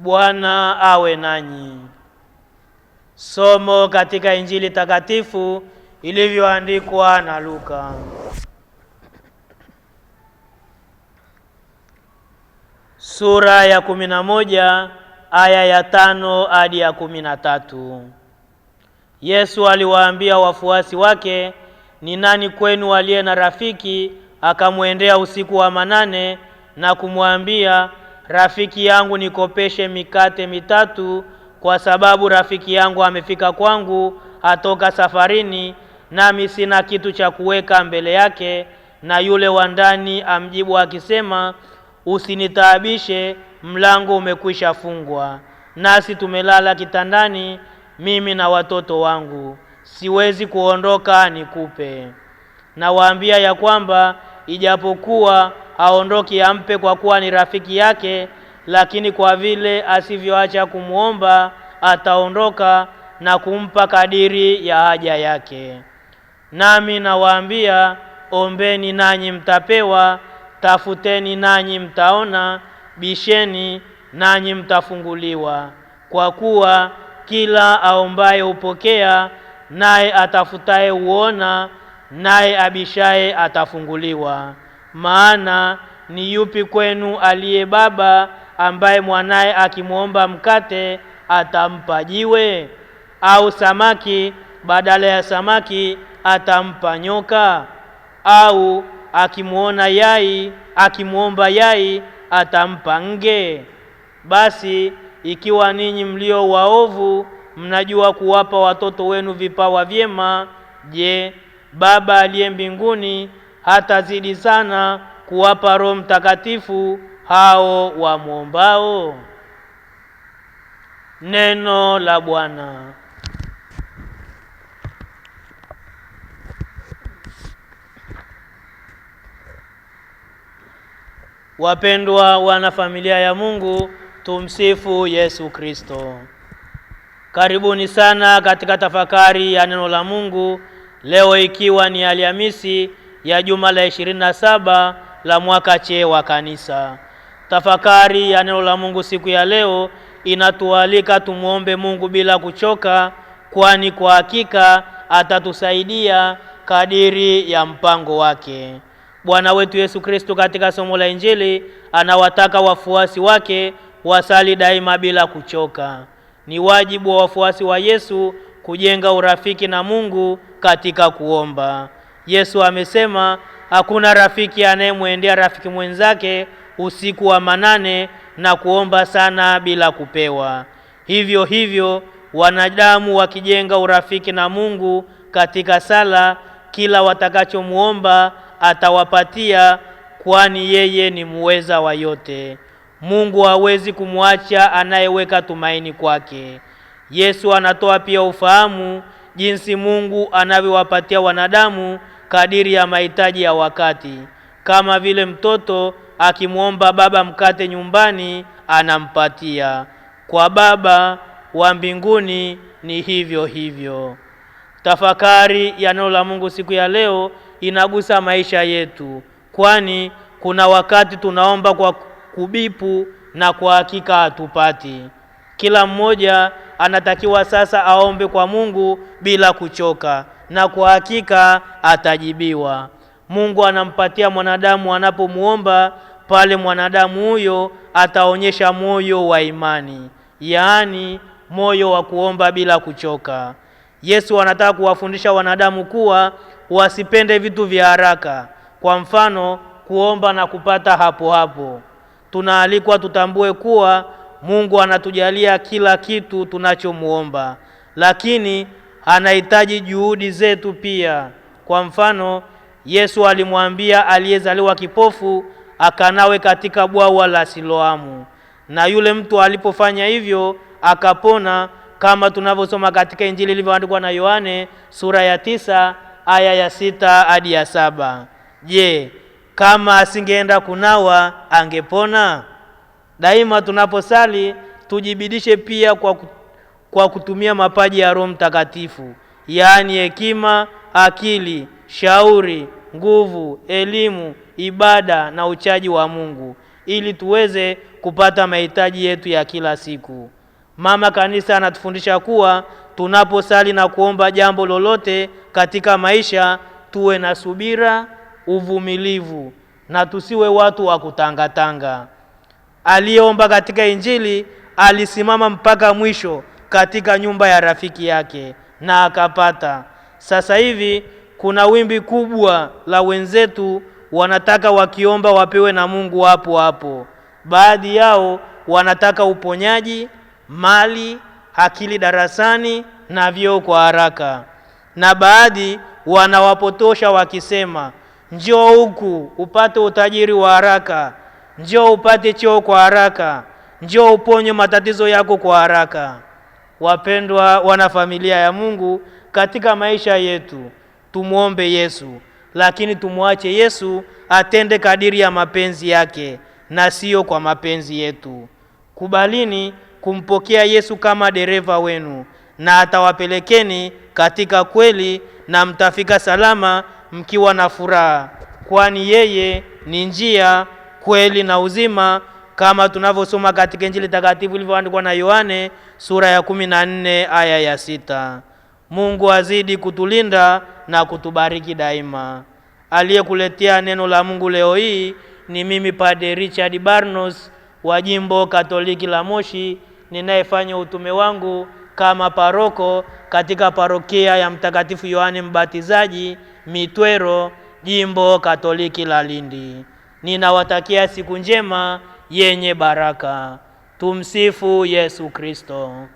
Bwana awe nanyi. Somo katika Injili takatifu ilivyoandikwa na Luka. Sura ya kumi na moja aya ya tano hadi ya kumi na tatu. Yesu aliwaambia wafuasi wake, ni nani kwenu aliye na rafiki akamwendea usiku wa manane na kumwambia rafiki yangu nikopeshe mikate mitatu, kwa sababu rafiki yangu amefika kwangu, atoka safarini, nami sina kitu cha kuweka mbele yake. Na yule wa ndani amjibu akisema, usinitaabishe, mlango umekwisha fungwa, nasi tumelala kitandani, mimi na watoto wangu, siwezi kuondoka nikupe. Nawaambia ya kwamba ijapokuwa haondoki ampe kwa kuwa ni rafiki yake, lakini kwa vile asivyoacha kumwomba ataondoka na kumpa kadiri ya haja yake. Nami nawaambia, ombeni nanyi mtapewa, tafuteni nanyi mtaona, bisheni nanyi mtafunguliwa. Kwa kuwa kila aombaye hupokea, naye atafutaye huona, naye abishaye atafunguliwa maana ni yupi kwenu aliye baba ambaye mwanaye akimwomba mkate atampa jiwe, au samaki badala ya samaki atampa nyoka, au akimwona yai akimwomba yai atampa nge? Basi ikiwa ninyi mlio waovu mnajua kuwapa watoto wenu vipawa vyema, je, Baba aliye mbinguni hatazidi sana kuwapa Roho Mtakatifu hao wamwombao? Neno la Bwana. Wapendwa wana familia ya Mungu, tumsifu Yesu Kristo. Karibuni sana katika tafakari ya neno la Mungu leo, ikiwa ni Alhamisi ya juma la ishirini na saba la mwaka C wa kanisa. Tafakari ya neno la Mungu siku ya leo inatualika tumwombe Mungu bila kuchoka, kwani kwa hakika atatusaidia kadiri ya mpango wake. Bwana wetu Yesu Kristo katika somo la Injili anawataka wafuasi wake wasali daima bila kuchoka. Ni wajibu wa wafuasi wa Yesu kujenga urafiki na Mungu katika kuomba. Yesu amesema hakuna rafiki anayemwendea rafiki mwenzake usiku wa manane na kuomba sana bila kupewa. Hivyo hivyo wanadamu wakijenga urafiki na Mungu katika sala, kila watakachomwomba atawapatia, kwani yeye ni muweza wa yote. Mungu hawezi kumwacha anayeweka tumaini kwake. Yesu anatoa pia ufahamu jinsi Mungu anavyowapatia wanadamu kadiri ya mahitaji ya wakati, kama vile mtoto akimwomba baba mkate nyumbani anampatia. Kwa Baba wa mbinguni ni hivyo hivyo. Tafakari ya neno la Mungu siku ya leo inagusa maisha yetu, kwani kuna wakati tunaomba kwa kubipu na kwa hakika hatupati. Kila mmoja anatakiwa sasa aombe kwa Mungu bila kuchoka na kwa hakika atajibiwa. Mungu anampatia mwanadamu anapomwomba pale mwanadamu huyo ataonyesha moyo wa imani, yaani moyo wa kuomba bila kuchoka. Yesu anataka kuwafundisha wanadamu kuwa wasipende vitu vya haraka, kwa mfano kuomba na kupata hapo hapo. Tunaalikwa tutambue kuwa Mungu anatujalia kila kitu tunachomwomba, lakini anahitaji juhudi zetu pia. Kwa mfano, Yesu alimwambia aliyezaliwa kipofu akanawe katika bwawa la Siloamu, na yule mtu alipofanya hivyo akapona, kama tunavyosoma katika Injili ilivyoandikwa na Yohane sura ya tisa aya ya sita hadi ya saba. Je, kama asingeenda kunawa angepona? Daima tunaposali tujibidishe pia kwa kwa kutumia mapaji ya Roho Mtakatifu, yaani hekima, akili, shauri, nguvu, elimu, ibada na uchaji wa Mungu, ili tuweze kupata mahitaji yetu ya kila siku. Mama Kanisa anatufundisha kuwa tunaposali na kuomba jambo lolote katika maisha, tuwe na subira, uvumilivu na tusiwe watu wa kutangatanga. Aliyeomba katika Injili alisimama mpaka mwisho katika nyumba ya rafiki yake na akapata. Sasa hivi kuna wimbi kubwa la wenzetu wanataka wakiomba wapewe na Mungu hapo hapo. Baadhi yao wanataka uponyaji, mali, akili darasani na vyoo kwa haraka, na baadhi wanawapotosha wakisema, njoo huku upate utajiri wa haraka, njoo upate cheo kwa haraka, njoo uponye matatizo yako kwa haraka. Wapendwa wanafamilia ya Mungu, katika maisha yetu tumwombe Yesu, lakini tumwache Yesu atende kadiri ya mapenzi yake na siyo kwa mapenzi yetu. Kubalini kumpokea Yesu kama dereva wenu na atawapelekeni katika kweli na mtafika salama mkiwa na furaha, kwani yeye ni njia, kweli na uzima kama tunavyosoma katika Injili takatifu ilivyoandikwa na Yohane sura ya 14 aya ya sita. Mungu azidi kutulinda na kutubariki daima. Aliyekuletea neno la Mungu leo hii ni mimi Padre Richard Barnos wa Jimbo Katoliki la Moshi ninayefanya utume wangu kama paroko katika parokia ya Mtakatifu Yohane Mbatizaji Mitwero, Jimbo Katoliki la Lindi. Ninawatakia siku njema yenye baraka. Tumsifu Yesu Kristo.